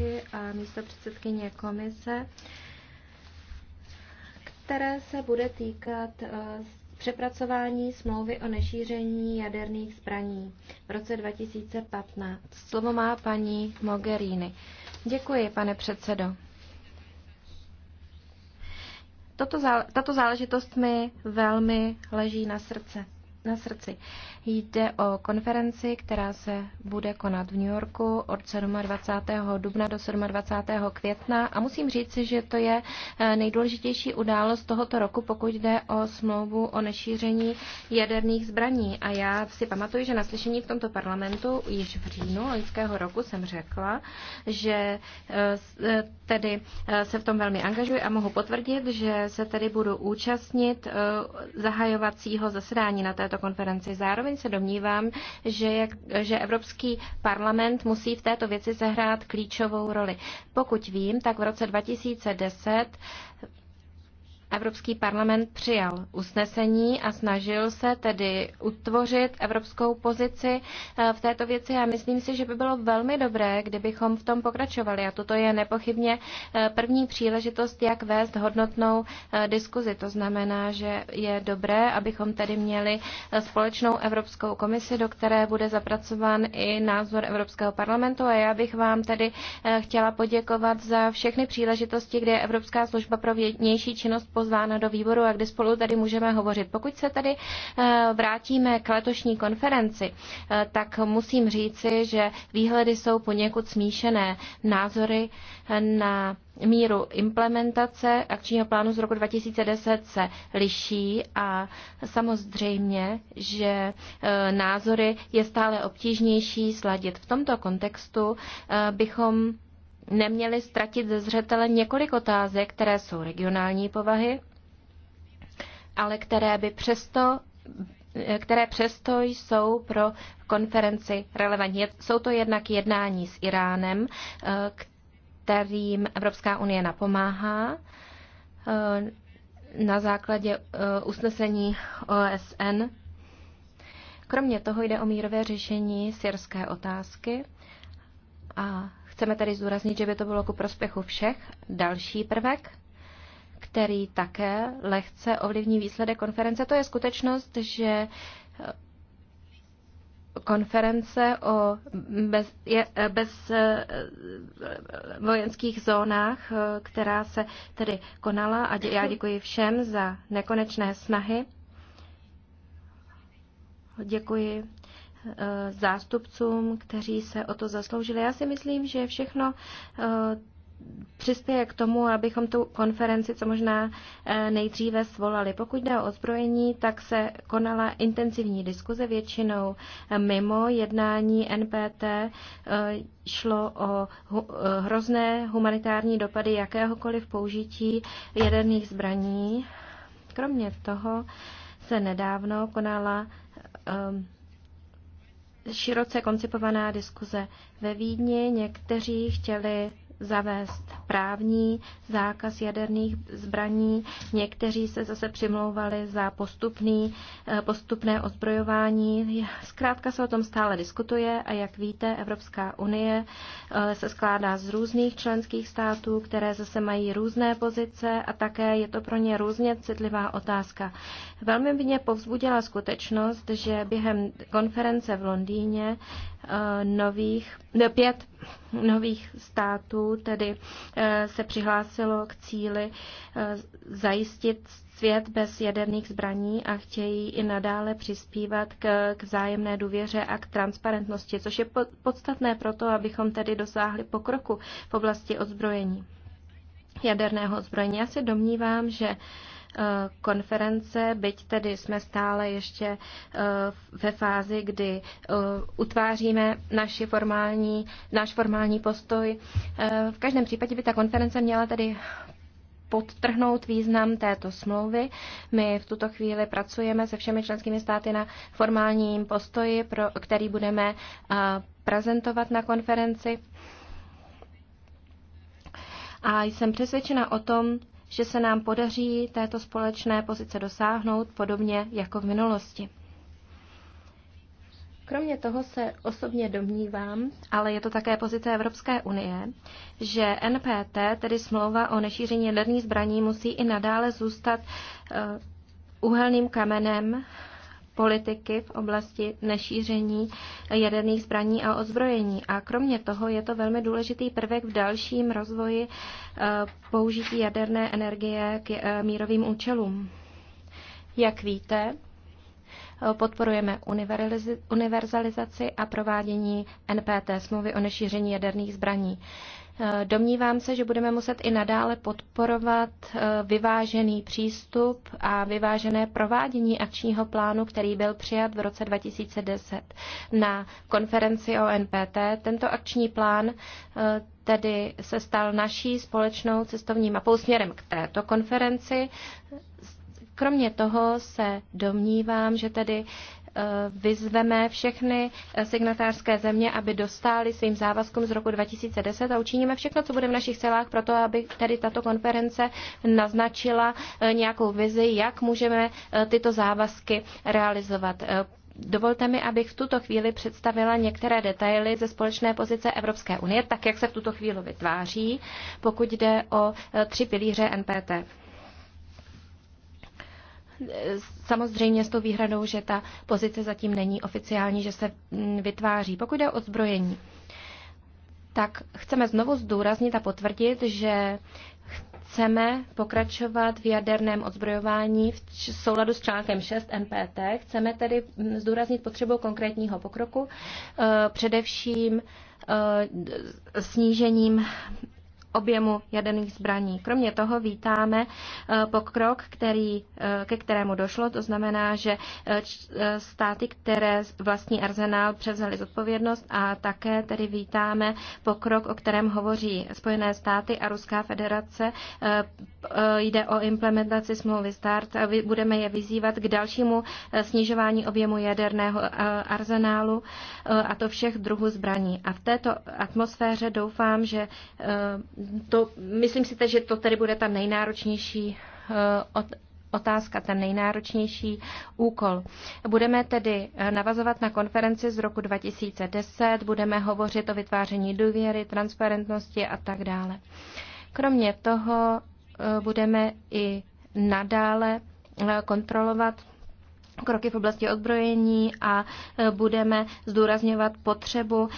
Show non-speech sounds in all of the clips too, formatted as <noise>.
zpravodajky a místo předsedkyně komise, které se bude týkat eh, přepracování smlouvy o nešíření jaderných zbraní v roce 2015. Slovo má paní Mogherini. Děkuji, pane předsedo. Toto, tato záležitost mi velmi leží na srdce na srdci. Jde o konferenci, která se bude konat v New Yorku od 27. dubna do 27. května a musím říci, že to je eh, nejdůležitější událost tohoto roku, pokud jde o smlouvu o nešíření jaderných zbraní. A já si pamatuju, že na slyšení v tomto parlamentu již v říjnu loňského roku jsem řekla, že eh, eh, tedy se v tom velmi angažuji a mohu potvrdit, že se tedy budu účastnit zahajovacího zasedání na této této konferenci. Zároveň se domnívám, že, jak, že Evropský parlament musí v této věci sehrát klíčovou roli. Pokud vím, tak v roce 2010 Evropský parlament přijal usnesení a snažil se tedy utvořit evropskou pozici eh, v této věci a myslím si, že by bylo velmi dobré, kdybychom v tom pokračovali. A toto je nepochybně eh, první příležitost, jak vést hodnotnou eh, diskuzi. To znamená, že je dobré, abychom tedy měli společnou Evropskou komisi, do které bude zapracován i názor Evropského parlamentu. A já bych vám tedy chtěla poděkovat za všechny příležitosti, kde Evropská služba pro vnější činnost pozvána do výboru a kdy spolu tady můžeme hovořit. Pokud se tady eh, vrátíme k letošní konferenci, eh, tak musím říci, že výhledy jsou poněkud smíšené. Názory eh, na míru implementace akčního plánu z roku 2010 se liší a samozřejmě, že názory je stále obtížnější sladit. V tomto kontextu bychom neměli ztratit ze zřetele několik otázek, které jsou regionální povahy, ale které by přesto které přesto jsou pro konferenci relevantní. Jsou to jednak jednání s Iránem, eh, kterým Evropská unie napomáhá eh, na základě eh, usnesení OSN. Kromě toho jde o mírové řešení syrské otázky a Chceme tady zdůraznit, že by to bylo ku prospěchu všech. Další prvek, který také lehce ovlivní výsledek konference, to je skutečnost, že eh, konference o bez, je, eh, bez eh, vojenských zónách, která se tedy konala a dě, já děkuji všem za nekonečné snahy. Děkuji Eh, zástupcům, kteří se o to zasloužili. Já si myslím, že všechno eh, přispěje k tomu, abychom tu konferenci co možná eh, nejdříve svolali. Pokud jde o ozbrojení, tak se konala intenzivní diskuze většinou mimo jednání NPT. Šlo o hrozné humanitární dopady jakéhokoliv použití jaderných zbraní. Kromě toho se nedávno konala široce koncipovaná diskuze ve Vídni. Někteří chtěli zavést právní zákaz jaderných zbraní. Někteří se zase přimlouvali za postupný, eh, postupné odzbrojování. Zkrátka se o tom stále diskutuje a jak víte, Evropská unie eh, se skládá z různých členských států, které zase mají různé pozice a také je to pro ně různě citlivá otázka. Velmi mě povzbudila skutečnost, že během konference v Londýně eh, nových, pět nových států tedy eh, se přihlásilo k cíli eh, zajistit svět bez jaderných zbraní a chtějí i nadále přispívat k, k vzájemné důvěře a k transparentnosti, což je podstatné proto, abychom tedy dosáhli pokroku v oblasti odzbrojení jaderného ozbrojení. Já se domnívám, že uh, Eh, konference, byť tedy jsme stále ještě eh, ve fázi, kdy eh, utváříme naši formální, náš formální postoj. V každém případě by ta konference měla tedy podtrhnout význam této smlouvy. My v tuto chvíli pracujeme se všemi členskými státy na formálním postoji, pro, který budeme prezentovat na konferenci. A jsem přesvědčena o tom, že se nám podaří této společné pozice dosáhnout podobně jako v minulosti. Kromě toho se osobně domnívám, ale je to také pozice Evropské unie, že NPT, tedy smlouva o nešíření jaderných zbraní, musí i nadále zůstat eh, uhelným kamenem politiky v oblasti nešíření jaderných zbraní a ozbrojení, A kromě toho je to velmi důležitý prvek v dalším rozvoji eh, použití jaderné energie k eh, mírovým účelům. Jak víte, eh, podporujeme univerzalizaci a provádění NPT smlouvy o nešíření jaderných zbraní. Domnívám se, že budeme muset i nadále podporovat eh, vyvážený přístup a vyvážené provádění akčního plánu, který byl přijat v roce 2010 na konferenci o NPT. Tento akční plán eh, tedy se stal naší společnou cestovní mapou směrem k této konferenci. Kromě toho se domnívám, že tedy Eh, vyzveme všechny eh, signatářské země, aby dostály svým závazkům z roku 2010 a učiníme všechno, co bude v našich silách, proto aby tady tato konference naznačila eh, nějakou vizi, jak můžeme tyto závazky realizovat. Dovolte mi, abych v tuto chvíli představila některé detaily ze společné pozice Evropské unie, tak jak se v tuto chvíli vytváří, pokud jde o tři pilíře NPT samozřejmě s tou výhradou, že ta pozice zatím není oficiální, že se vytváří. Pokud jde o zbrojení, tak chceme znovu zdůraznit a potvrdit, že chceme pokračovat v jaderném odzbrojování v souladu s článkem 6 NPT. Chceme tedy mm, zdůraznit potřebu konkrétního pokroku, eh, především eh, snížením objemu jaderných zbraní. Kromě toho vítáme eh, pokrok, který, eh, ke kterému došlo. To znamená, že eh, státy, které vlastní arzenál, převzaly zodpovědnost a také tedy vítáme pokrok, o kterém hovoří Spojené státy a Ruská federace. Jde o implementaci smlouvy START. Budeme je vyzývat k dalšímu snižování objemu jaderného arzenálu a to všech druhů zbraní. A v této atmosféře doufám, že to, myslím si, že to tedy bude ta nejnáročnější eh, otázka, ten nejnáročnější úkol. Budeme tedy eh, navazovat na konferenci z roku 2010, budeme hovořit o vytváření důvěry, transparentnosti a tak dále. Kromě toho eh, budeme i nadále kontrolovat kroky v oblasti odbrojení a budeme zdůrazňovat potřebu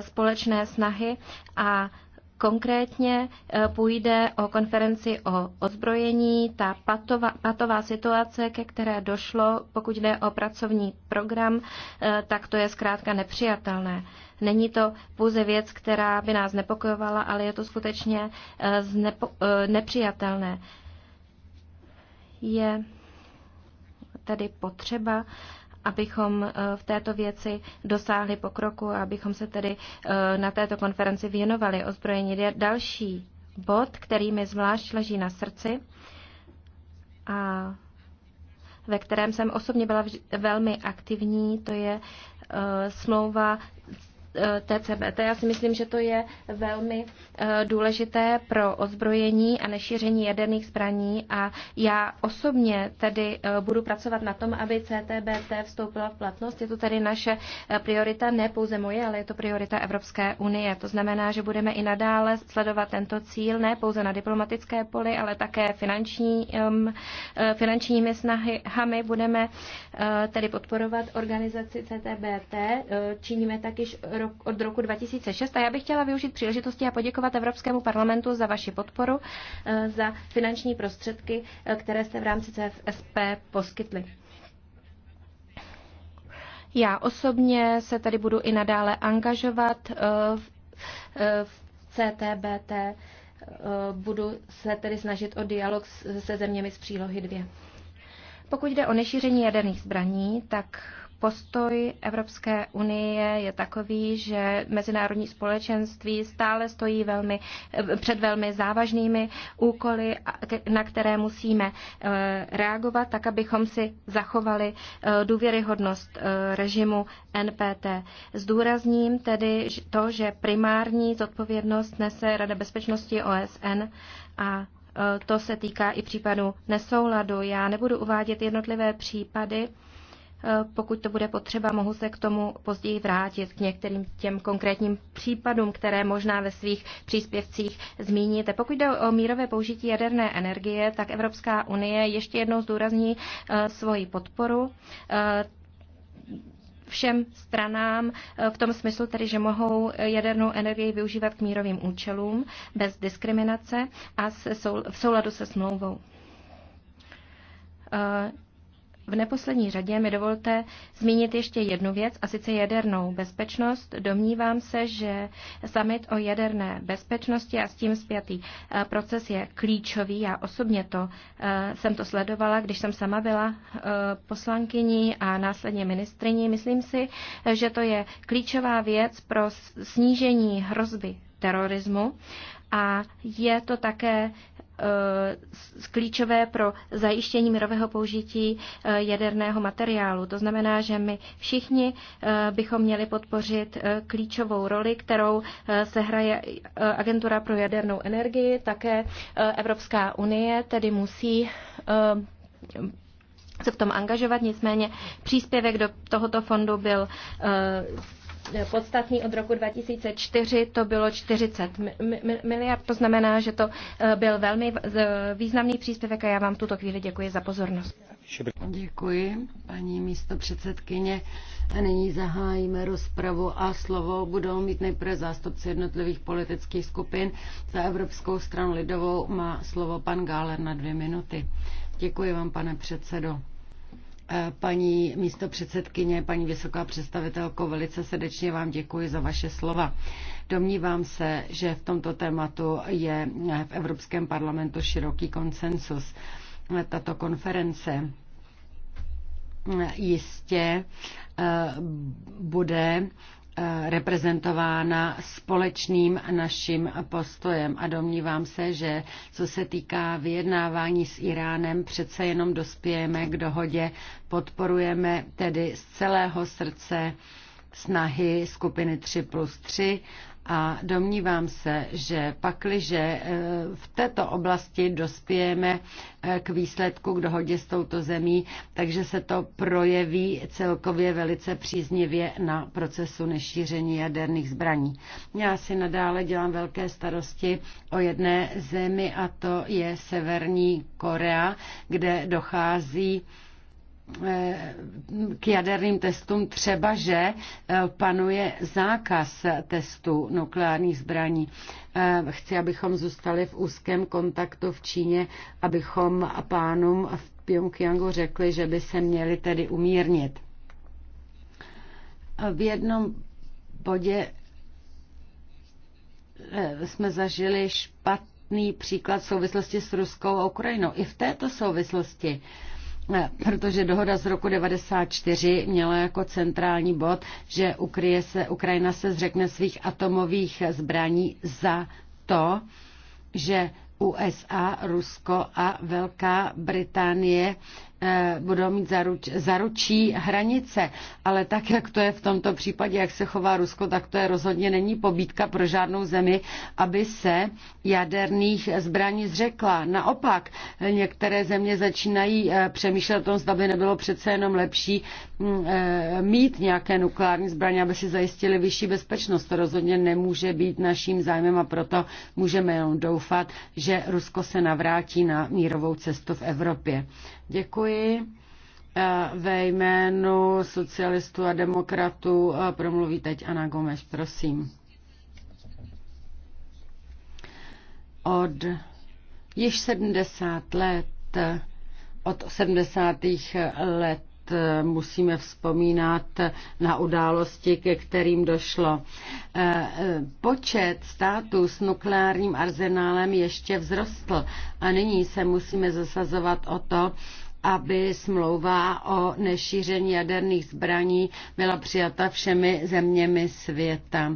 společné snahy a Konkrétně eh, půjde o konferenci o ozbrojení, ta patová, patová situace, ke které došlo, pokud jde o pracovní program, eh, tak to je zkrátka nepřijatelné. Není to pouze věc, která by nás nepokojovala, ale je to skutečně eh, znepo, nepřijatelné. Je tedy potřeba abychom eh, v této věci dosáhli pokroku a abychom se tedy eh, na této konferenci věnovali ozbrojení. Další bod, který mi zvlášť leží na srdci a ve kterém jsem osobně byla velmi aktivní, to je eh, smlouva Eh, TCBT. Já si myslím, že to je velmi eh, důležité pro ozbrojení a nešíření jaderných zbraní a já osobně tedy eh, budu pracovat na tom, aby CTBT vstoupila v platnost. Je to tedy naše priorita, ne pouze moje, ale je to priorita Evropské unie. To znamená, že budeme i nadále sledovat tento cíl, ne pouze na diplomatické poli, ale také finanční, finančními snahami. Budeme tedy podporovat organizaci CTBT. Činíme tak již rok, od roku 2006 a já bych chtěla využít příležitosti a poděkovat Evropskému parlamentu za vaši podporu, eh, za finanční prostředky, eh, které jste v rámci CFSP poskytli. Já osobně se tady budu i nadále angažovat eh, v, v CTBT, budu se tedy snažit o dialog se zeměmi z přílohy 2. Pokud jde o nešíření jaderných zbraní, tak postoj Evropské unie je takový, že mezinárodní společenství stále stojí velmi, před velmi závažnými úkoly, na které musíme eh, reagovat, tak abychom si zachovali eh, důvěryhodnost eh, režimu NPT. Zdůrazním tedy to, že primární zodpovědnost nese Rada bezpečnosti OSN a to se týká i případu nesouladu. Já nebudu uvádět jednotlivé případy, Eh, pokud to bude potřeba, mohu se k tomu později vrátit, k některým těm konkrétním případům, které možná ve svých příspěvcích zmíníte. Pokud jde o mírové použití jaderné energie, tak Evropská unie ještě jednou zdůrazní eh, svoji podporu eh, všem stranám v tom smyslu tedy, že mohou jadernou energii využívat k mírovým účelům bez diskriminace a v souladu se smlouvou v neposlední řadě mi dovolte zmínit ještě jednu věc, a sice jadernou bezpečnost. Domnívám se, že summit o jaderné bezpečnosti a s tím zpětý eh, proces je klíčový. Já osobně to eh, jsem to sledovala, když jsem sama byla eh, poslankyní a následně ministriní. Myslím si, že to je klíčová věc pro snížení hrozby terorismu a je to také Eh, klíčové pro zajištění mírového použití eh, jaderného materiálu. To znamená, že my všichni eh, bychom měli podpořit klíčovou roli, kterou se hraje Agentura pro jadernou energii, také Evropská unie, tedy musí se v tom angažovat, nicméně příspěvek do tohoto fondu byl podstatný od roku 2004, to bylo 40 miliard, to znamená, že to eh, byl velmi významný příspěvek a já vám tuto chvíli děkuji za pozornost. Děkuji, paní místo předsedkyně. A nyní zahájíme rozpravu a slovo budou mít nejprve zástupci jednotlivých politických skupin. Za Evropskou stranu lidovou má slovo pan Gáler na dvě minuty. Děkuji vám, pane předsedo. Paní místo předsedkyně, paní vysoká představitelko, velice srdečně vám děkuji za vaše slova. Domnívám se, že v tomto tématu je v Evropském parlamentu široký konsensus. Tato konference jistě eh, bude Eh, reprezentována společným naším postojem. A domnívám se, že co se týká vyjednávání s Iránem, přece jenom dospějeme k dohodě. Podporujeme tedy z celého srdce snahy skupiny 3 plus 3 a domnívám se, že pakliže eh, v této oblasti dospějeme eh, k výsledku, k dohodě s touto zemí, takže se to projeví celkově velice příznivě na procesu nešíření jaderných zbraní. Já si nadále dělám velké starosti o jedné zemi a to je Severní Korea, kde dochází Eh, k jaderným testům třeba, že eh, panuje zákaz testů nukleárních zbraní. Eh, chci, abychom zůstali v úzkém kontaktu v Číně, abychom pánům v Pyongyangu řekli, že by se měli tedy umírnit. V jednom bodě jsme zažili špatný příklad v souvislosti s Ruskou a Ukrajinou. I v této souvislosti protože dohoda z roku 1994 měla jako centrální bod, že ukryje se, Ukrajina se zřekne svých atomových zbraní za to, že USA, Rusko a Velká Británie Eh, budou mít zaruč, zaručí hranice. Ale tak, jak to je v tomto případě, jak se chová Rusko, tak to je rozhodně není pobídka pro žádnou zemi, aby se jaderných zbraní zřekla. Naopak, některé země začínají eh, přemýšlet o tom, zda by nebylo přece jenom lepší mm, eh, mít nějaké nukleární zbraně, aby si zajistili vyšší bezpečnost. To rozhodně nemůže být naším zájmem a proto můžeme jenom doufat, že Rusko se navrátí na mírovou cestu v Evropě. Děkuji. E, ve jménu socialistů a demokratů e, promluví teď Ana Gomes, prosím. Od již 70 let, e, od 70. let Eh, musíme vzpomínat na události, ke kterým došlo. Eh, eh, počet států s nukleárním arzenálem ještě vzrostl a nyní se musíme zasazovat o to, aby smlouva o nešíření jaderných zbraní byla přijata všemi zeměmi světa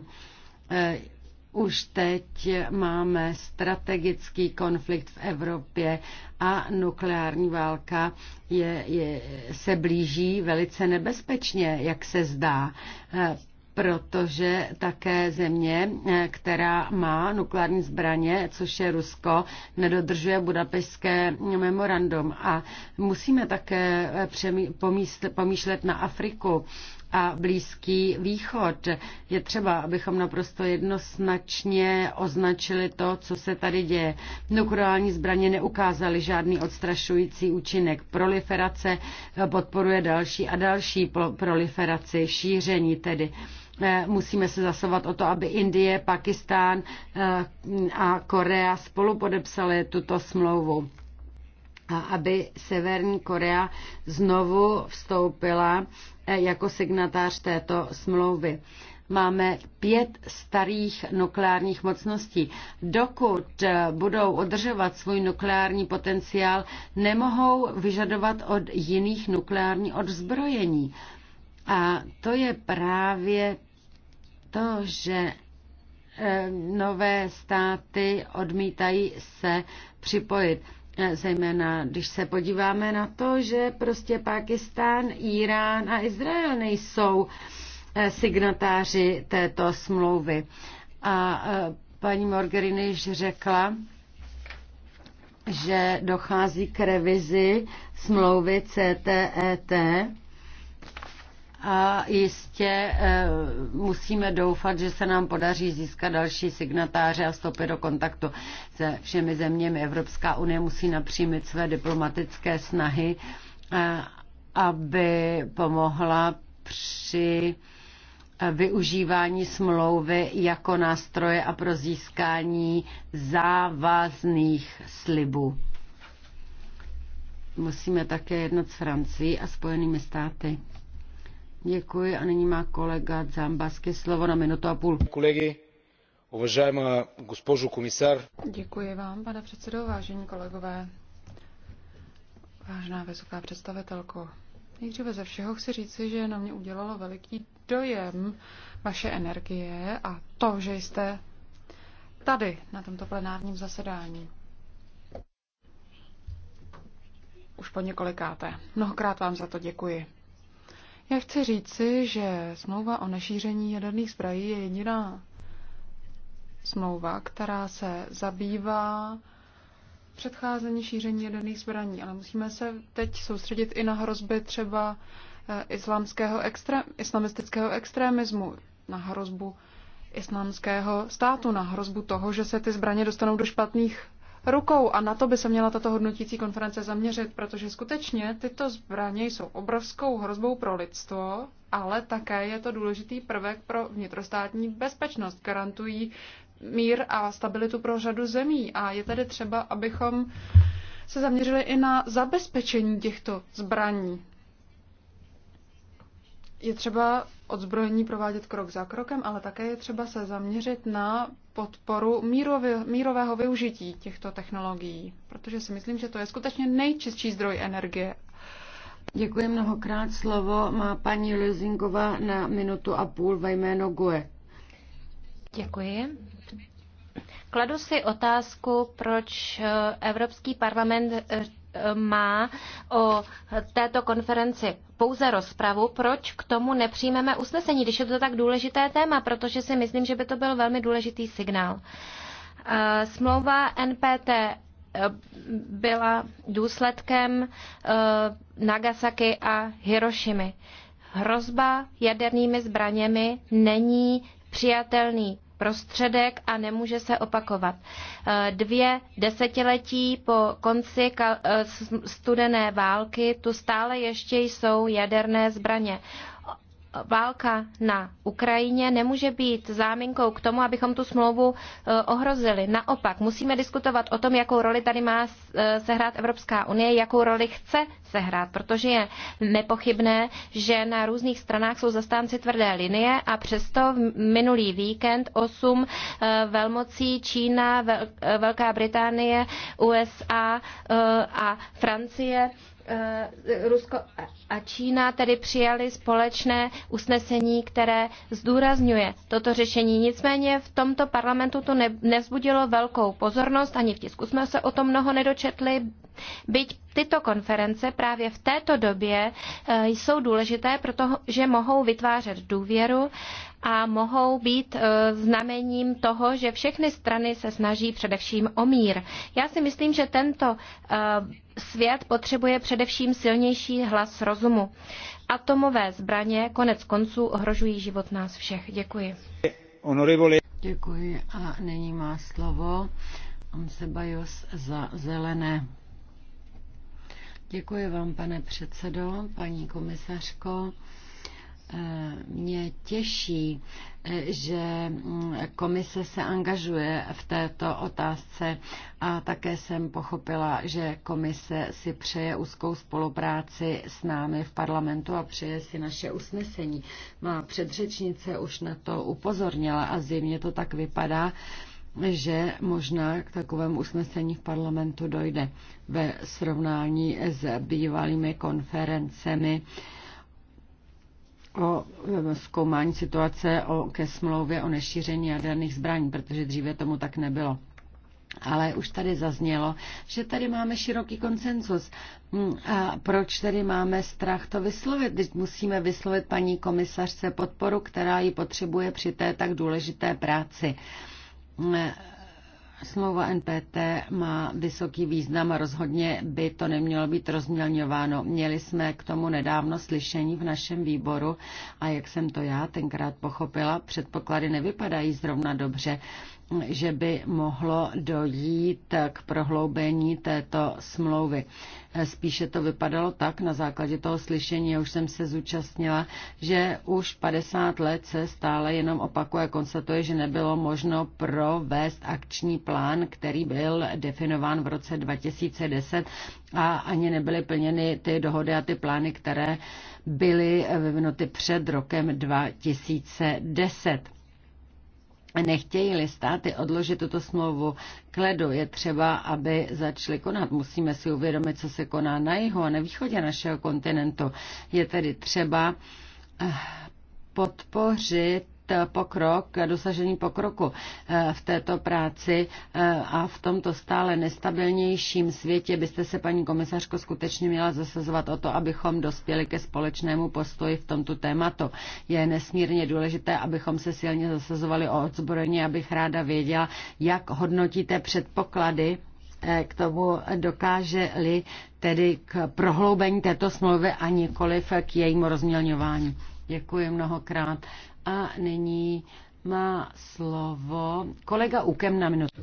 už teď máme strategický konflikt v Evropě a nukleární válka je, je, se blíží velice nebezpečně, jak se zdá protože také země, která má nukleární zbraně, což je Rusko, nedodržuje budapešské memorandum. A musíme také pomýšlet na Afriku a Blízký východ. Je třeba, abychom naprosto jednoznačně označili to, co se tady děje. Nukleární zbraně neukázaly žádný odstrašující účinek. Proliferace eh, podporuje další a další proliferaci, šíření tedy eh, musíme se zasovat o to, aby Indie, Pakistán eh, a Korea spolu podepsaly tuto smlouvu a aby Severní Korea znovu vstoupila jako signatář této smlouvy. Máme pět starých nukleárních mocností. Dokud eh, budou održovat svůj nukleární potenciál, nemohou vyžadovat od jiných nukleární odzbrojení. A to je právě to, že eh, nové státy odmítají se připojit. Zejména když se podíváme na to, že prostě Pakistán, Irán a Izrael nejsou eh, signatáři této smlouvy. A eh, paní Morgerini již řekla, že dochází k revizi smlouvy CTET e a jistě e, musíme doufat, že se nám podaří získat další signatáře a stopy do kontaktu se všemi zeměmi. Evropská unie musí napřímit své diplomatické snahy, e, aby pomohla při e, využívání smlouvy jako nástroje a pro získání závazných slibů. Musíme také jednat s Francií a Spojenými státy. Děkuji a nyní má kolega Zambasky slovo na minutu a půl. Kolegy, uvažujeme gospožu komisar. Děkuji vám, pane předsedo, vážení kolegové, vážná vysoká představitelko. Nejdříve ze všeho chci říci, že na mě udělalo veliký dojem vaše energie a to, že jste tady na tomto plenárním zasedání. Už po několikáté. Mnohokrát vám za to děkuji. Já chci říci, že smlouva o nešíření jaderných zbraní je jediná smlouva, která se zabývá předcházení šíření jaderných zbraní, ale musíme se teď soustředit i na hrozby třeba eh, islámského extrém, islamistického extremismu, na hrozbu islámského státu, na hrozbu toho, že se ty zbraně dostanou do špatných rukou a na to by se měla tato hodnotící konference zaměřit, protože skutečně tyto zbraně jsou obrovskou hrozbou pro lidstvo, ale také je to důležitý prvek pro vnitrostátní bezpečnost. Garantují mír a stabilitu pro řadu zemí a je tedy třeba, abychom se zaměřili i na zabezpečení těchto zbraní. Je třeba odzbrojení provádět krok za krokem, ale také je třeba se zaměřit na podporu mírově, mírového využití těchto technologií, protože si myslím, že to je skutečně nejčistší zdroj energie. Děkuji mnohokrát. Slovo má paní Lezingová na minutu a půl ve jméno GUE. Děkuji. Kladu si otázku, proč eh, Evropský parlament eh, má o této konferenci pouze rozpravu, proč k tomu nepřijmeme usnesení, když je to tak důležité téma, protože si myslím, že by to byl velmi důležitý signál. Eh, smlouva NPT eh, byla důsledkem eh, Nagasaki a Hirošimi. Hrozba jadernými zbraněmi není přijatelný prostředek a nemůže se opakovat. Eh, dvě desetiletí po konci eh, studené války tu stále ještě jsou jaderné zbraně válka na Ukrajině nemůže být záminkou k tomu, abychom tu smlouvu e, ohrozili. Naopak, musíme diskutovat o tom, jakou roli tady má e, sehrát Evropská unie, jakou roli chce sehrát, protože je nepochybné, že na různých stranách jsou zastánci tvrdé linie a přesto minulý víkend osm e, velmocí Čína, Velká Británie, USA a Francie Eh, Rusko a Čína tedy přijali společné usnesení, které zdůrazňuje toto řešení. Nicméně v tomto parlamentu to nevzbudilo velkou pozornost, ani v tisku jsme se o tom mnoho nedočetli. Byť tyto konference právě v této době eh, jsou důležité, protože mohou vytvářet důvěru a mohou být eh, znamením toho, že všechny strany se snaží především o mír. Já si myslím, že tento eh, svět potřebuje především silnější hlas rozumu. Atomové zbraně konec konců ohrožují život nás všech. Děkuji. Děkuji a nyní má slovo Amsebajos za zelené. Děkuji vám, pane předsedo, paní komisařko. E, mě těší, e, že mm, komise se angažuje v této otázce a také jsem pochopila, že komise si přeje úzkou spolupráci s námi v parlamentu a přeje si naše usnesení. Má předřečnice už na to upozornila a zimně to tak vypadá, že možná k takovému usnesení v parlamentu dojde ve srovnání s bývalými konferencemi o e, zkoumání situace o, ke smlouvě o nešíření jaderných zbraní, protože dříve tomu tak nebylo. Ale už tady zaznělo, že tady máme široký konsenzus. Hmm, a proč tady máme strach to vyslovit? Teď musíme vyslovit paní komisařce podporu, která ji potřebuje při té tak důležité práci. Smlouva NPT má vysoký význam a rozhodně by to nemělo být rozmělňováno. Měli jsme k tomu nedávno slyšení v našem výboru a jak jsem to já tenkrát pochopila, předpoklady nevypadají zrovna dobře že by mohlo dojít k prohloubení této smlouvy. Spíše to vypadalo tak na základě toho slyšení, já už jsem se zúčastnila, že už 50 let se stále jenom opakuje, konstatuje, že nebylo možno provést akční plán, který byl definován v roce 2010 a ani nebyly plněny ty dohody a ty plány, které byly vyvinuty před rokem 2010 Nechtějí-li státy odložit tuto smlouvu k ledu, je třeba, aby začaly konat. Musíme si uvědomit, co se koná na jihu a na východě našeho kontinentu. Je tedy třeba eh, podpořit pokrok, dosažení pokroku eh, v této práci eh, a v tomto stále nestabilnějším světě byste se, paní komisařko, skutečně měla zasazovat o to, abychom dospěli ke společnému postoji v tomto tématu. Je nesmírně důležité, abychom se silně zasazovali o odzbrojení, abych ráda věděla, jak hodnotíte předpoklady eh, k tomu dokáže-li tedy k prohloubení této smlouvy a nikoliv k jejímu rozmělňování. Děkuji mnohokrát. A nyní má slovo kolega Ukem na minutu.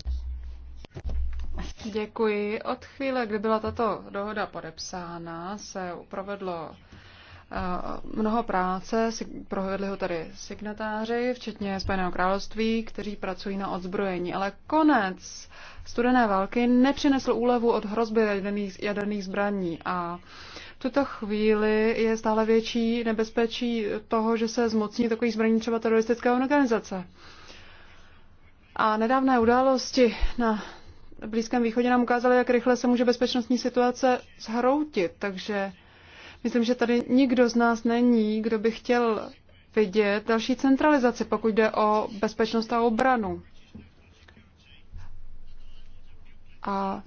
Děkuji. Od chvíle, kdy byla tato dohoda podepsána, se provedlo eh, mnoho práce, provedli ho tady signatáři, včetně Spojeného království, kteří pracují na odzbrojení. Ale konec studené války nepřinesl úlevu od hrozby jaderných, jaderných zbraní a uh, tuto chvíli je stále větší nebezpečí toho, že se zmocní takový zbraní třeba teroristické organizace. A nedávné události na Blízkém východě nám ukázaly, jak rychle se může bezpečnostní situace zhroutit. Takže myslím, že tady nikdo z nás není, kdo by chtěl vidět další centralizaci, pokud jde o bezpečnost a obranu. A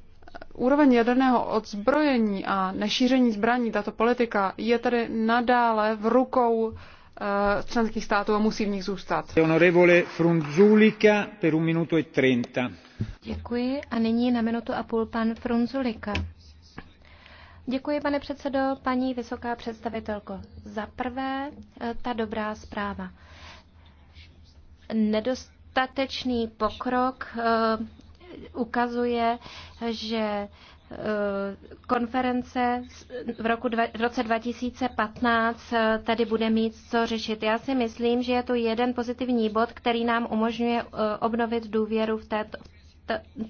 Úroveň jaderného odzbrojení a nešíření zbraní, tato politika, je tedy nadále v rukou eh, členských států a musí v nich zůstat. E Děkuji a nyní na minutu a půl pan Frunzulika. Děkuji, pane předsedo, paní vysoká představitelko. Za prvé, eh, ta dobrá zpráva. Nedostatečný pokrok eh, ukazuje, že eh, konference v, roku dva, v roce 2015 eh, tady bude mít co řešit. Já si myslím, že je to jeden pozitivní bod, který nám umožňuje eh, obnovit důvěru v, této, v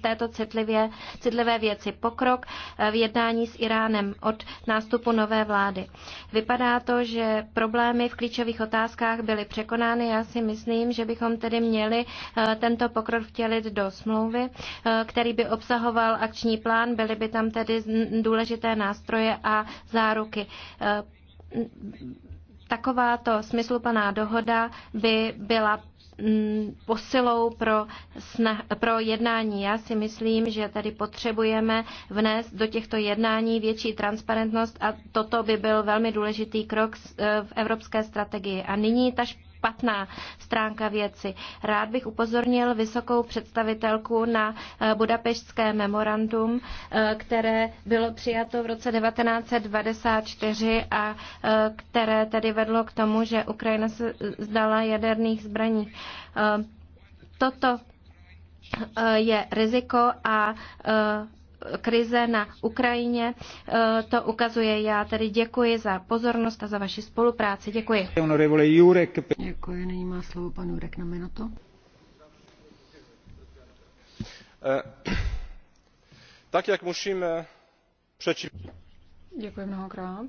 této citlivě, citlivé věci pokrok eh, v jednání s Iránem od nástupu nové vlády. Vypadá to, že problémy v klíčových otázkách byly překonány. Já si myslím, že bychom tedy měli eh, tento pokrok vtělit do smlouvy, eh, který by obsahoval akční plán, byly by tam tedy důležité nástroje a záruky takováto smysluplná dohoda by byla Mm, posilou pro, snah, pro jednání. Já si myslím, že tady potřebujeme vnést do těchto jednání větší transparentnost a toto by byl velmi důležitý krok eh, v evropské strategii. A nyní ta šp- špatná stránka věci. Rád bych upozornil vysokou představitelku na eh, budapeštské memorandum, eh, které bylo přijato v roce 1994 a eh, které tedy vedlo k tomu, že Ukrajina se zdala jaderných zbraní. Toto je riziko a krize na Ukrajině e, to ukazuje. Já tedy děkuji za pozornost a za vaši spolupráci. Děkuji. Děkuji, nyní má slovo pan Jurek na minuto. E, tak, jak musíme přečíst. Děkuji mnohokrát.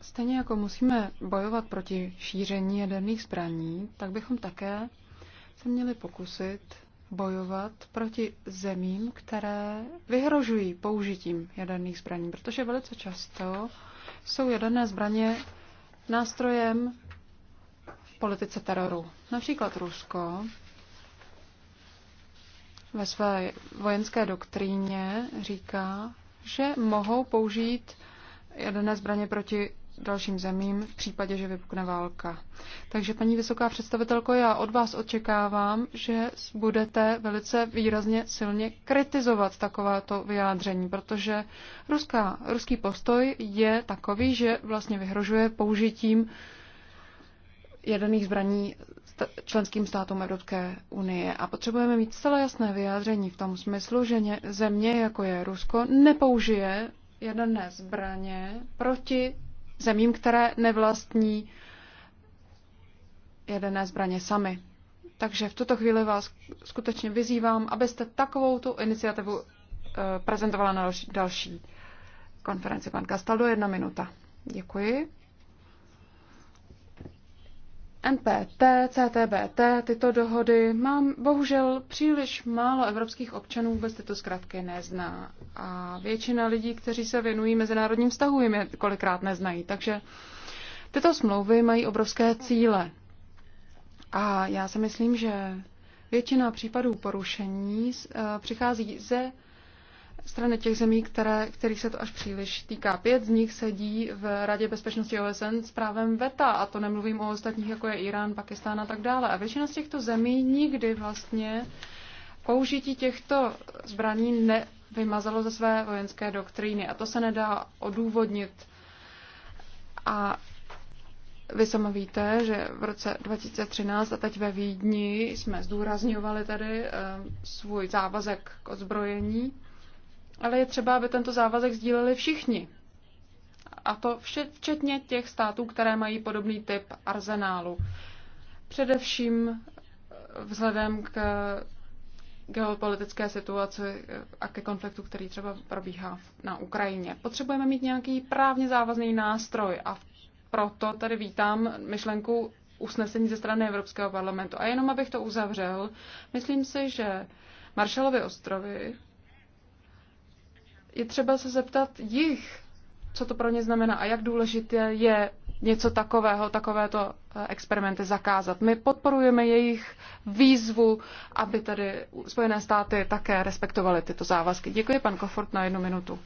Stejně jako musíme bojovat proti šíření jaderných zbraní, tak bychom také se měli pokusit bojovat proti zemím, které vyhrožují použitím jaderných zbraní, protože velice často jsou jaderné zbraně nástrojem v politice teroru. Například Rusko ve své vojenské doktríně říká, že mohou použít jaderné zbraně proti dalším zemím v případě, že vypukne válka. Takže paní vysoká představitelko, já od vás očekávám, že budete velice výrazně silně kritizovat takováto vyjádření, protože ruská, ruský postoj je takový, že vlastně vyhrožuje použitím jaderných zbraní členským státům Evropské unie. A potřebujeme mít celé jasné vyjádření v tom smyslu, že země, jako je Rusko, nepoužije jaderné zbraně proti zemím, které nevlastní jedené zbraně sami. Takže v tuto chvíli vás skutečně vyzývám, abyste takovou tu iniciativu eh, prezentovala na další konferenci. Pan kastaldo, jedna minuta. Děkuji. NPT, CTBT, tyto dohody. Mám bohužel příliš málo evropských občanů vůbec tyto zkratky nezná. A většina lidí, kteří se věnují mezinárodním vztahům, je kolikrát neznají. Takže tyto smlouvy mají obrovské cíle. A já si myslím, že většina případů porušení eh, přichází ze strany těch zemí, které, kterých se to až příliš týká. Pět z nich sedí v Radě bezpečnosti OSN s právem VETA, a to nemluvím o ostatních, jako je Irán, Pakistán a tak dále. A většina z těchto zemí nikdy vlastně použití těchto zbraní nevymazalo ze své vojenské doktríny. A to se nedá odůvodnit. A vy sama víte, že v roce 2013 a teď ve Vídni jsme zdůrazňovali tady eh, svůj závazek k odzbrojení ale je třeba, aby tento závazek sdíleli všichni. A to vše, včetně těch států, které mají podobný typ arzenálu. Především eh, vzhledem k geopolitické situaci eh, a ke konfliktu, který třeba probíhá na Ukrajině. Potřebujeme mít nějaký právně závazný nástroj a proto tady vítám myšlenku usnesení ze strany Evropského parlamentu. A jenom abych to uzavřel, myslím si, že Marshallovy ostrovy je třeba se zeptat jich, co to pro ně znamená a jak důležité je něco takového, takovéto eh, experimenty zakázat. My podporujeme jejich výzvu, aby tady Spojené státy také respektovaly tyto závazky. Děkuji, pan Kofort, na jednu minutu.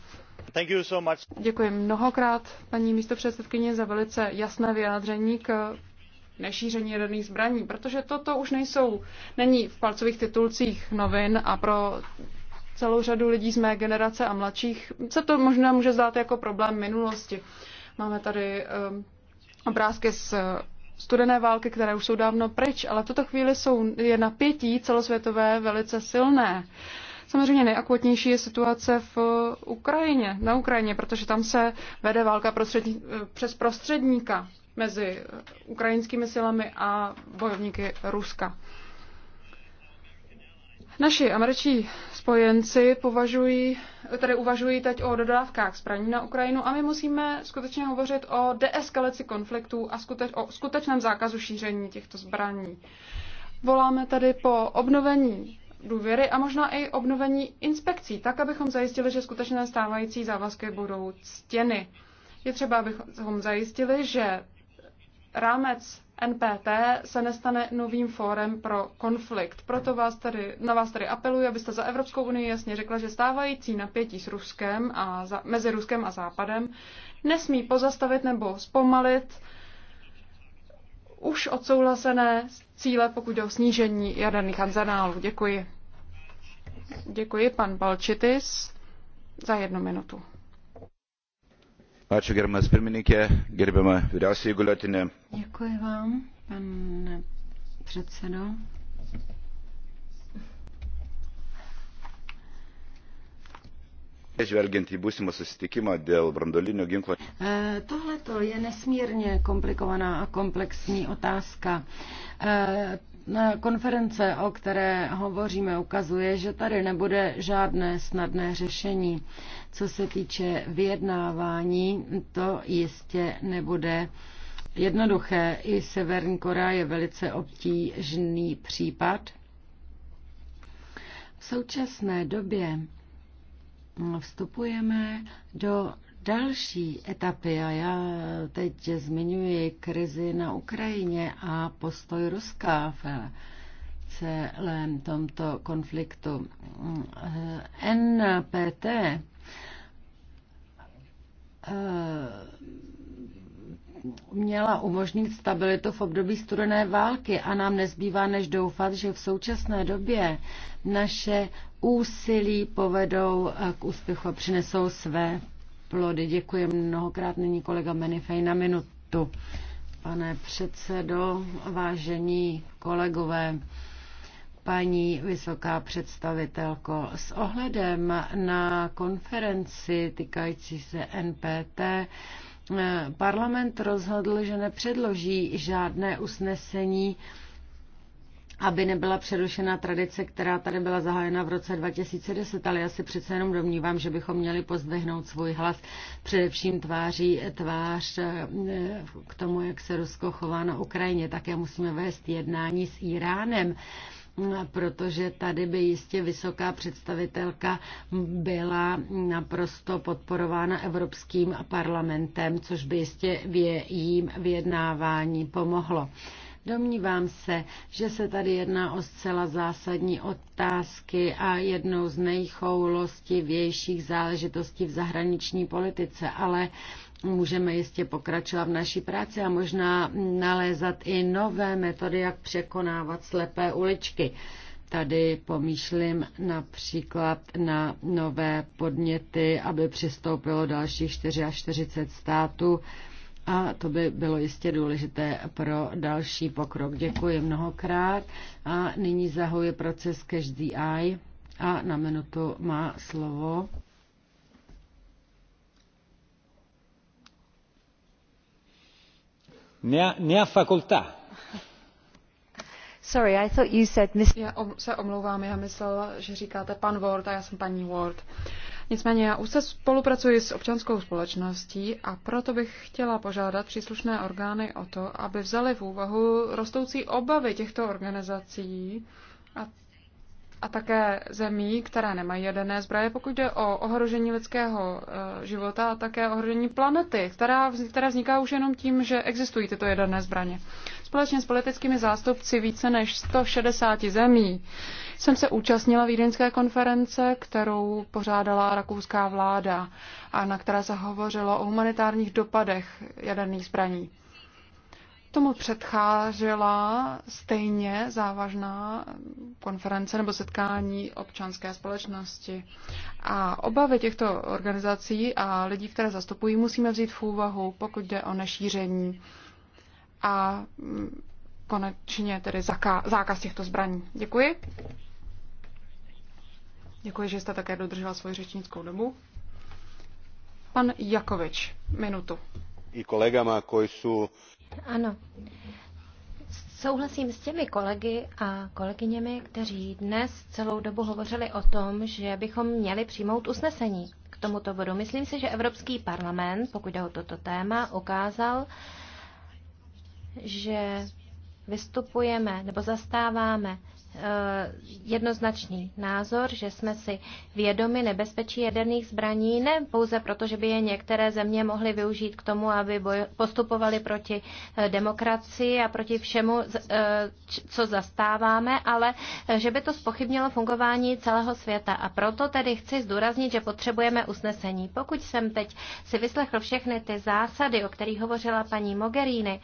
Thank you so much. Děkuji mnohokrát, paní místopředsedkyně, za velice jasné vyjádření k nešíření jaderných zbraní, protože toto už nejsou, není v palcových titulcích novin a pro celou řadu lidí z mé generace a mladších se to možná může zdát jako problém minulosti. Máme tady eh, obrázky z eh, studené války, které už jsou dávno pryč, ale v tuto chvíli jsou, je napětí celosvětové velice silné. Samozřejmě nejakutnější je situace v Ukrajině, na Ukrajině, protože tam se vede válka prostřední, eh, přes prostředníka mezi ukrajinskými silami a bojovníky Ruska. Naši američtí spojenci považují, tady uvažují teď o dodávkách zbraní na Ukrajinu a my musíme skutečně hovořit o deeskalaci konfliktů a skuteč, o skutečném zákazu šíření těchto zbraní. Voláme tady po obnovení důvěry a možná i obnovení inspekcí, tak abychom zajistili, že skutečné stávající závazky budou ctěny. Je třeba, abychom zajistili, že rámec NPT se nestane novým fórem pro konflikt. Proto vás tady, na vás tady apeluji, abyste za Evropskou unii jasně řekla, že stávající napětí s Ruskem a za, mezi Ruskem a Západem nesmí pozastavit nebo zpomalit už odsouhlasené cíle, pokud jde o snížení jaderných arzenálů. Děkuji. Děkuji, pan Balčitis, za jednu minutu. Ačiū gerbiamas pirmininkė, gerbiama vyriausiai įgaliotinė. Děkuji vám, pane předsedo. Žvelgiant į būsimą susitikimą dėl brandolinio ginklo. E, Tohle je nesmírně komplikovaná a komplexní otázka. E, Konference, o které hovoříme, ukazuje, že tady nebude žádné snadné řešení. Co se týče vyjednávání, to jistě nebude jednoduché. I Severní Korea je velice obtížný případ. V současné době vstupujeme do další etapy, a já teď zmiňuji krizi na Ukrajině a postoj Ruska v celém tomto konfliktu. NPT eh, měla umožnit stabilitu v období studené války a nám nezbývá než doufat, že v současné době naše úsilí povedou eh, k úspěchu a přinesou své plody. Děkuji mnohokrát. Nyní kolega Menifej na minutu. Pane předsedo, vážení kolegové, paní vysoká představitelko, s ohledem na konferenci týkající se NPT, eh, parlament rozhodl, že nepředloží žádné usnesení aby nebyla přerušena tradice, která tady byla zahájena v roce 2010, ale já si přece jenom domnívám, že bychom měli pozdvihnout svůj hlas především tváří tvář eh, k tomu, jak se Rusko chová na Ukrajině. Také musíme vést jednání s Iránem protože tady by jistě vysoká představitelka byla naprosto podporována Evropským parlamentem, což by jistě v jejím vyjednávání pomohlo. Domnívám se, že se tady jedná o zcela zásadní otázky a jednou z nejchoulostivějších záležitostí v zahraniční politice, ale můžeme jistě pokračovat v naší práci a možná nalézat i nové metody, jak překonávat slepé uličky. Tady pomýšlím například na nové podněty, aby přistoupilo dalších 44 států a to by bylo jistě důležité pro další pokrok. Děkuji mnohokrát a nyní zahuje proces Cash DI a na minutu má slovo Ne ha fakulta. Sorry, I thought you said Miss... Já se omlouvám, já myslela, že říkáte pan Ward a já jsem paní Ward. Uh, Nicméně já už se spolupracuji s občanskou společností a proto bych chtěla požádat příslušné orgány o to, aby vzali v úvahu rostoucí obavy těchto organizací a a také zemí, které nemají jaderné zbraně, pokud jde o ohrožení lidského eh, života a také ohrožení planety, která, která vzniká už jenom tím, že existují tyto jaderné zbraně společně s politickými zástupci více než 160 zemí jsem se účastnila vídeňské konference, kterou pořádala rakouská vláda a na které se hovořilo o humanitárních dopadech jaderných zbraní. Tomu předcházela stejně závažná konference nebo setkání občanské společnosti. A obavy těchto organizací a lidí, které zastupují, musíme vzít v úvahu, pokud jde o nešíření a mm, konečně tedy zákaz těchto zbraní. Děkuji. Děkuji, že jste také dodržela svoji řečnickou dobu. Pan Jakovič, minutu. I kolegama, koji jsou... Ano. Souhlasím s těmi kolegy a kolegyněmi, kteří dnes celou dobu hovořili o tom, že bychom měli přijmout usnesení k tomuto bodu. Myslím si, že Evropský parlament, pokud jde o toto téma, ukázal, že vystupujeme nebo zastáváme eh, jednoznačný názor, že jsme si vědomi nebezpečí jaderných zbraní, ne pouze proto, že by je některé země mohly využít k tomu, aby postupovali proti eh, demokracii a proti všemu, eh, co zastáváme, ale že by to spochybnilo fungování celého světa. A proto tedy chci zdůraznit, že potřebujeme usnesení. Pokud jsem teď si vyslechl všechny ty zásady, o kterých hovořila paní Mogherini,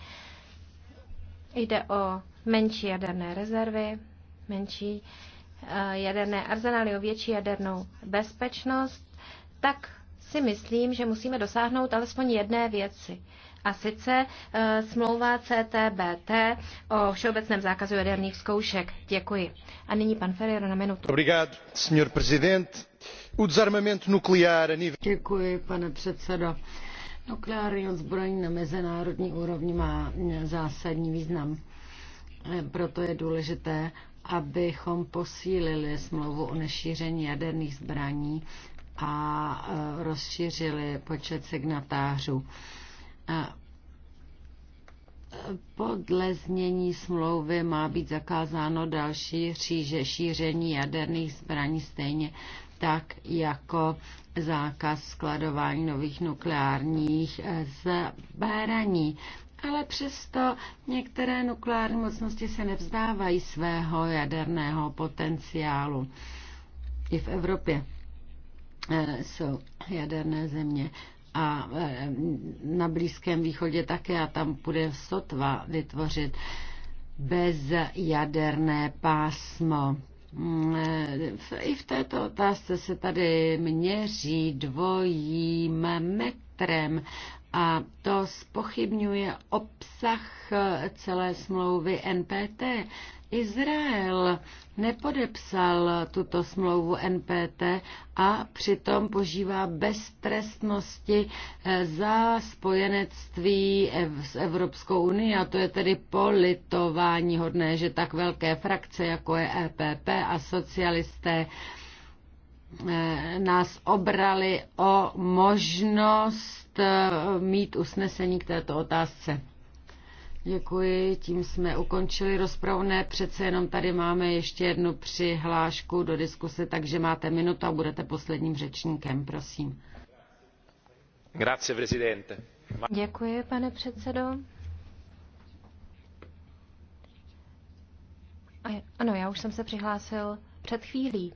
Jde o menší jaderné rezervy, menší eh, jaderné arzenály, o větší jadernou bezpečnost, tak si myslím, že musíme dosáhnout alespoň jedné věci. A sice e, smlouva CTBT o všeobecném zákazu jaderných zkoušek. Děkuji. A nyní pan Ferrero na minutu. Obrigado, senhor O desarmamento nuclear a nível... Děkuji, pane předsedo. Nukleární odzbrojení na mezinárodní úrovni má zásadní význam. Eh, proto je důležité, abychom posílili smlouvu o nešíření jaderných zbraní a eh, rozšířili počet signatářů. Eh, podle znění smlouvy má být zakázáno další říže, šíření jaderných zbraní stejně tak jako zákaz skladování nových nukleárních eh, zbraní. Ale přesto některé nukleární mocnosti se nevzdávají svého jaderného potenciálu. I v Evropě eh, jsou jaderné země a eh, na Blízkém východě také a tam bude sotva vytvořit bez jaderné pásmo. Mm, I v této otázce se tady měří dvojím metrem a to spochybňuje obsah celé smlouvy NPT. Izrael nepodepsal tuto smlouvu NPT a přitom požívá beztrestnosti eh, za spojenectví s Evropskou unii a to je tedy politování hodné, že tak velké frakce, jako je EPP a socialisté, eh, nás obrali o možnost eh, mít usnesení k této otázce. Děkuji, tím jsme ukončili rozpravu. Ne, přece jenom tady máme ještě jednu přihlášku do diskuse, takže máte minutu a budete posledním řečníkem, prosím. Grazie, presidente. Děkuji, pane předsedo. Ano, já už jsem se přihlásil před chvílí.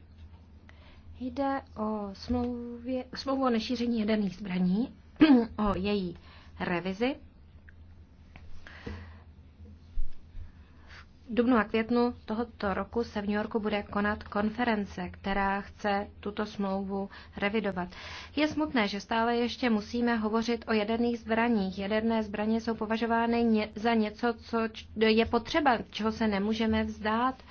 Jde o smlouvě, smlouvu o nešíření jaderných zbraní, <clears throat> o její revizi dubnu a květnu tohoto roku se v New Yorku bude konat konference, která chce tuto smlouvu revidovat. Je smutné, že stále ještě musíme hovořit o jaderných zbraních. Jaderné zbraně jsou považovány za něco, co je potřeba, čeho se nemůžeme vzdát.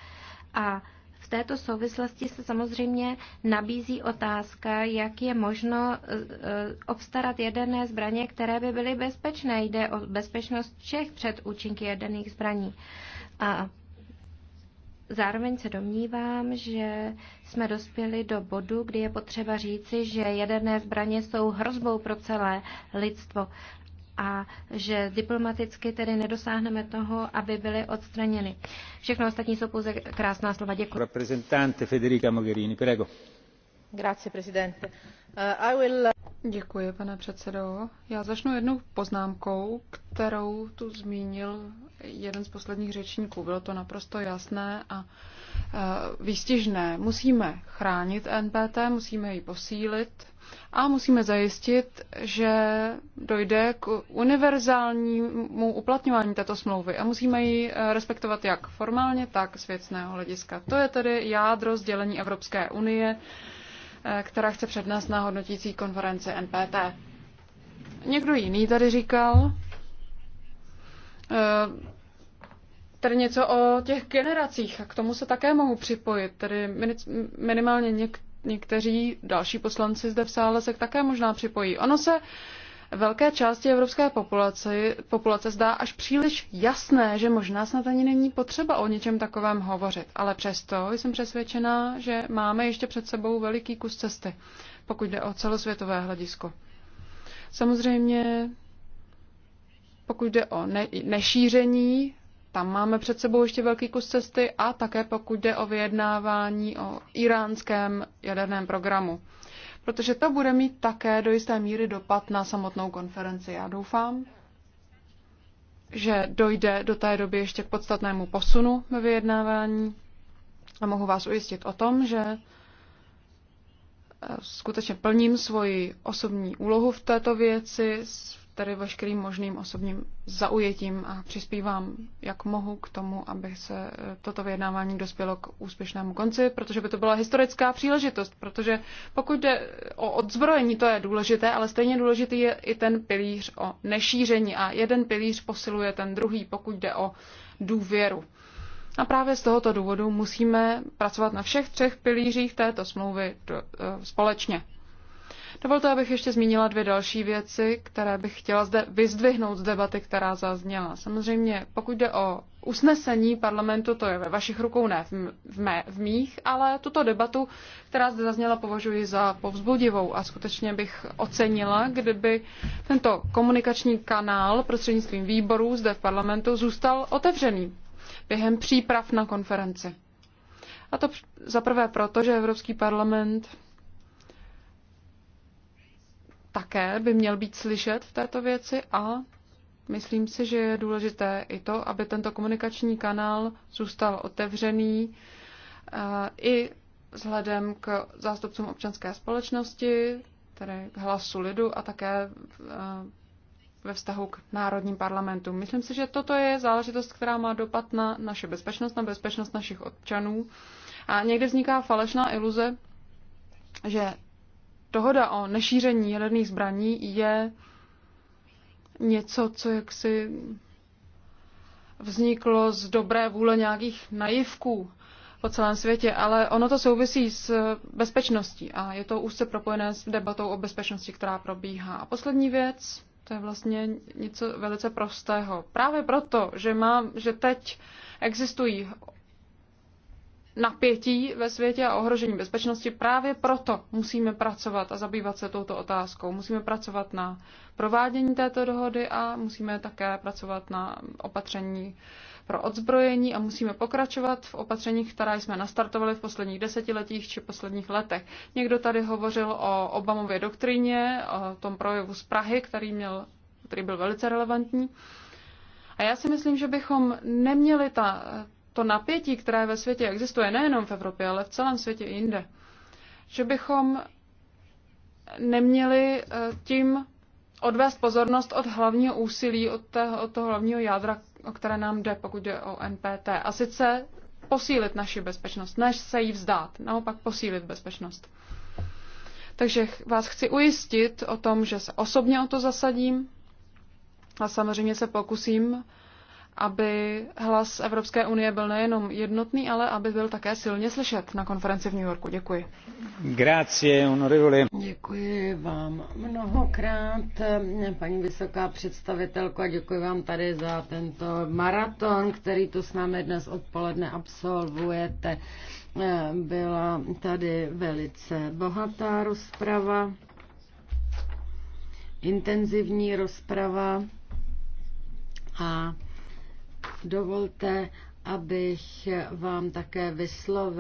A v této souvislosti se samozřejmě nabízí otázka, jak je možno e, e, obstarat jaderné zbraně, které by byly bezpečné. Jde o bezpečnost všech před účinky jaderných zbraní. A Zároveň se domnívám, že jsme dospěli do bodu, kdy je potřeba říci, že jaderné zbraně jsou hrozbou pro celé lidstvo a že diplomaticky tedy nedosáhneme toho, aby byly odstraněny. Všechno ostatní jsou pouze krásná slova. Děkuji. Reprezentante Federica Mogherini, prego. Grazie, presidente. Uh, I will... Uh, Děkuji, pane předsedo. Já začnu jednou poznámkou, kterou tu zmínil jeden z posledních řečníků. Bylo to naprosto jasné a e, výstižné. Musíme chránit NPT, musíme ji posílit a musíme zajistit, že dojde k univerzálnímu uplatňování této smlouvy a musíme ji e, respektovat jak formálně, tak z věcného hlediska. To je tedy jádro sdělení Evropské unie Eh, která chce přednést na hodnotící konferenci NPT. Někdo jiný tady říkal eh, tady něco o těch generacích a k tomu se také mohu připojit. Tedy minimálně něk- někteří další poslanci zde v sále se také možná připojí. Ono se uh, velké části evropské populace, populace zdá až příliš jasné, že možná snad ani není potřeba o něčem takovém hovořit. Ale přesto jsem přesvědčená, že máme ještě před sebou veliký kus cesty, pokud jde o celosvětové hledisko. Samozřejmě, pokud jde o ne- nešíření, tam máme před sebou ještě velký kus cesty a také pokud jde o vyjednávání o iránském jaderném programu protože to bude mít také do jisté míry dopad na samotnou konferenci. Já doufám, že dojde do té doby ještě k podstatnému posunu ve vyjednávání a mohu vás ujistit o tom, že eh, skutečně plním svoji osobní úlohu v této věci, tady veškerým možným osobním zaujetím a přispívám, jak mohu, k tomu, aby se eh, toto vyjednávání dospělo k úspěšnému konci, protože by to byla historická příležitost, protože pokud jde eh, o odzbrojení, to je důležité, ale stejně důležitý je i ten pilíř o nešíření a jeden pilíř posiluje ten druhý, pokud jde o důvěru. A právě z tohoto důvodu musíme pracovat na všech třech pilířích této smlouvy eh, společně. Dovolte, abych ještě zmínila dvě další věci, které bych chtěla zde vyzdvihnout z debaty, která zazněla. Samozřejmě, pokud jde o usnesení parlamentu, to je ve vašich rukou, ne v, mé, v mých, ale tuto debatu, která zde zazněla, považuji za povzbudivou a skutečně bych ocenila, kdyby tento komunikační kanál prostřednictvím výborů zde v parlamentu zůstal otevřený během příprav na konferenci. A to zaprvé proto, že Evropský parlament také by měl být slyšet v této věci a myslím si, že je důležité i to, aby tento komunikační kanál zůstal otevřený eh, i vzhledem k zástupcům občanské společnosti, tedy k hlasu lidu a také eh, ve vztahu k národním parlamentům. Myslím si, že toto je záležitost, která má dopad na naše bezpečnost, na bezpečnost našich občanů. A někdy vzniká falešná iluze, že dohoda o nešíření jaderných zbraní je něco, co jaksi vzniklo z dobré vůle nějakých naivků po celém světě, ale ono to souvisí s bezpečností a je to úzce propojené s debatou o bezpečnosti, která probíhá. A poslední věc, to je vlastně něco velice prostého. Právě proto, že, mám, že teď existují napětí ve světě a ohrožení bezpečnosti. Právě proto musíme pracovat a zabývat se touto otázkou. Musíme pracovat na provádění této dohody a musíme také pracovat na opatření pro odzbrojení a musíme pokračovat v opatřeních, která jsme nastartovali v posledních desetiletích či posledních letech. Někdo tady hovořil o Obamově doktríně, o tom projevu z Prahy, který, měl, který byl velice relevantní. A já si myslím, že bychom neměli ta, to napětí, které ve světě existuje, nejenom v Evropě, ale v celém světě i jinde, že bychom neměli eh, tím odvést pozornost od hlavního úsilí, od, toho, od toho hlavního jádra, o které nám jde, pokud jde o NPT. A sice posílit naši bezpečnost, než se jí vzdát, naopak posílit bezpečnost. Takže vás chci ujistit o tom, že se osobně o to zasadím a samozřejmě se pokusím aby hlas Evropské unie byl nejenom jednotný, ale aby byl také silně slyšet na konferenci v New Yorku. Děkuji. Grazie, onorevole. Děkuji vám mnohokrát, paní vysoká představitelko, a děkuji vám tady za tento maraton, který tu s námi dnes odpoledne absolvujete. Byla tady velice bohatá rozprava, intenzivní rozprava a Dovolte, abych vám také vyslovil